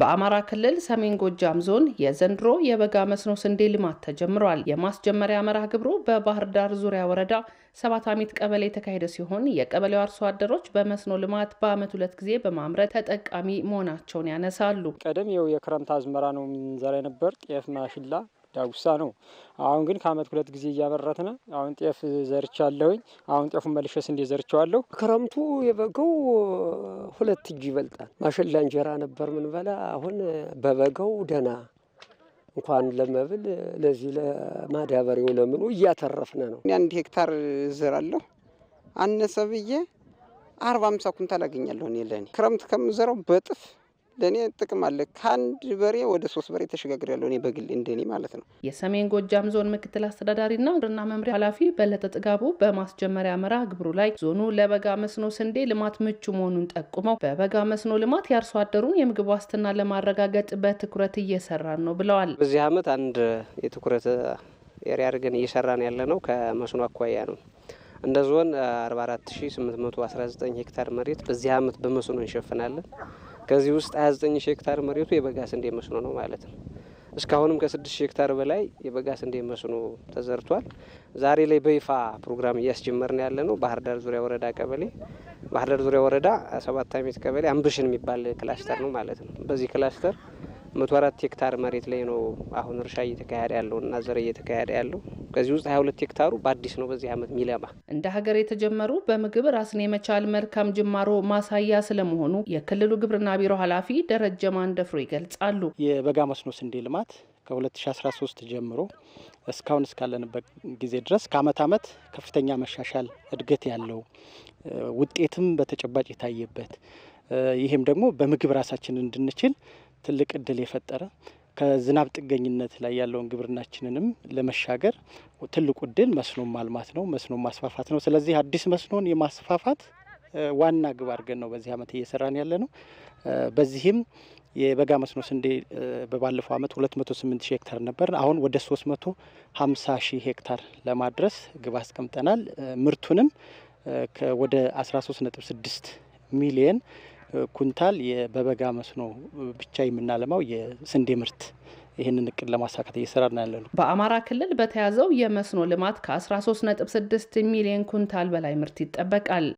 በአማራ ክልል ሰሜን ጎጃም ዞን የዘንድሮ የበጋ መስኖ ስንዴ ልማት ተጀምሯል። የማስጀመሪያ መርሃ ግብሩ በባህር ዳር ዙሪያ ወረዳ አሚት ቀበሌ የተካሄደ ሲሆን የቀበሌው አርሶ አደሮች በመስኖ ልማት በዓመት ሁለት ጊዜ በማምረት ተጠቃሚ መሆናቸውን ያነሳሉ። ቀደም የው የክረምት አዝመራ ነው የምንዘራ የነበር ጤፍ፣ ማሽላ ዳጉሳ ነው። አሁን ግን ከአመት ሁለት ጊዜ እያመረትን አሁን ጤፍ ዘርቻለሁኝ። አሁን ጤፉን መልሼ ስንዴ ዘርቸዋለሁ። ክረምቱ የበጋው ሁለት እጅ ይበልጣል። ማሽላ እንጀራ ነበር ምን በላ። አሁን በበጋው ደና እንኳን ለመብል ለዚህ ለማዳበሪያው ለምኑ እያተረፍነ ነው። አንድ ሄክታር እዘራለሁ አነሰ ብዬ አርባ አምሳ ኩንታል አገኛለሁ እኔ ለእኔ ክረምት ከምዘራው በጥፍ ለእኔ ጥቅም አለ። ከአንድ በሬ ወደ ሶስት በሬ ተሸጋግር ያለው እኔ በግል እንደኔ ማለት ነው። የሰሜን ጎጃም ዞን ምክትል አስተዳዳሪና ግብርና መምሪያ ኃላፊ በለጠ ጥጋቡ በማስጀመሪያ መርሃ ግብሩ ላይ ዞኑ ለበጋ መስኖ ስንዴ ልማት ምቹ መሆኑን ጠቁመው በበጋ መስኖ ልማት የአርሶ አደሩን የምግብ ዋስትና ለማረጋገጥ በትኩረት እየሰራን ነው ብለዋል። በዚህ ዓመት አንድ የትኩረት ኤሪያ አድርገን እየሰራን ያለ ነው ከመስኖ አኳያ ነው። እንደ ዞን 44819 ሄክታር መሬት በዚህ አመት በመስኖ እንሸፍናለን። ከዚህ ውስጥ 29 ሺህ ሄክታር መሬቱ የበጋ ስንዴ መስኖ ነው ማለት ነው። እስካሁንም ከ6 ሺህ ሄክታር በላይ የበጋ ስንዴ መስኖ ተዘርቷል። ዛሬ ላይ በይፋ ፕሮግራም እያስጀመርን ያለ ነው። ባህር ዳር ዙሪያ ወረዳ ቀበሌ ባህር ዳር ዙሪያ ወረዳ ሰባት አሜት ቀበሌ አምብሽን የሚባል ክላስተር ነው ማለት ነው። በዚህ ክላስተር መቶ አራት ሄክታር መሬት ላይ ነው አሁን እርሻ እየተካሄደ ያለው እና ዘር እየተካሄደ ያለው። ከዚህ ውስጥ ሁለት ሄክታሩ በአዲስ ነው በዚህ አመት ሚለማ። እንደ ሀገር የተጀመሩ በምግብ ራስን የመቻል መልካም ጅማሮ ማሳያ ስለመሆኑ የክልሉ ግብርና ቢሮ ኃላፊ ደረጀ ማንደፍሮ ይገልጻሉ። የበጋ መስኖ ስንዴ ልማት ከ2013 ጀምሮ እስካሁን እስካለንበት ጊዜ ድረስ ከአመት አመት ከፍተኛ መሻሻል እድገት ያለው ውጤትም በተጨባጭ የታየበት ይህም ደግሞ በምግብ ራሳችን እንድንችል ትልቅ እድል የፈጠረ ከዝናብ ጥገኝነት ላይ ያለውን ግብርናችንንም ለመሻገር ትልቁ እድል መስኖ ማልማት ነው፣ መስኖ ማስፋፋት ነው። ስለዚህ አዲስ መስኖን የማስፋፋት ዋና ግብ አድርገን ነው በዚህ ዓመት እየሰራን ያለ ነው። በዚህም የበጋ መስኖ ስንዴ በባለፈው ዓመት 208 ሺህ ሄክታር ነበር። አሁን ወደ 350 ሺህ ሄክታር ለማድረስ ግብ አስቀምጠናል። ምርቱንም ወደ 13.6 ሚሊየን ኩንታል በበጋ መስኖ ብቻ የምናለማው የስንዴ ምርት ይህንን እቅድ ለማሳካት እየሰራን ያለ በአማራ ክልል በተያዘው የመስኖ ልማት ከ13.6 ሚሊዮን ኩንታል በላይ ምርት ይጠበቃል።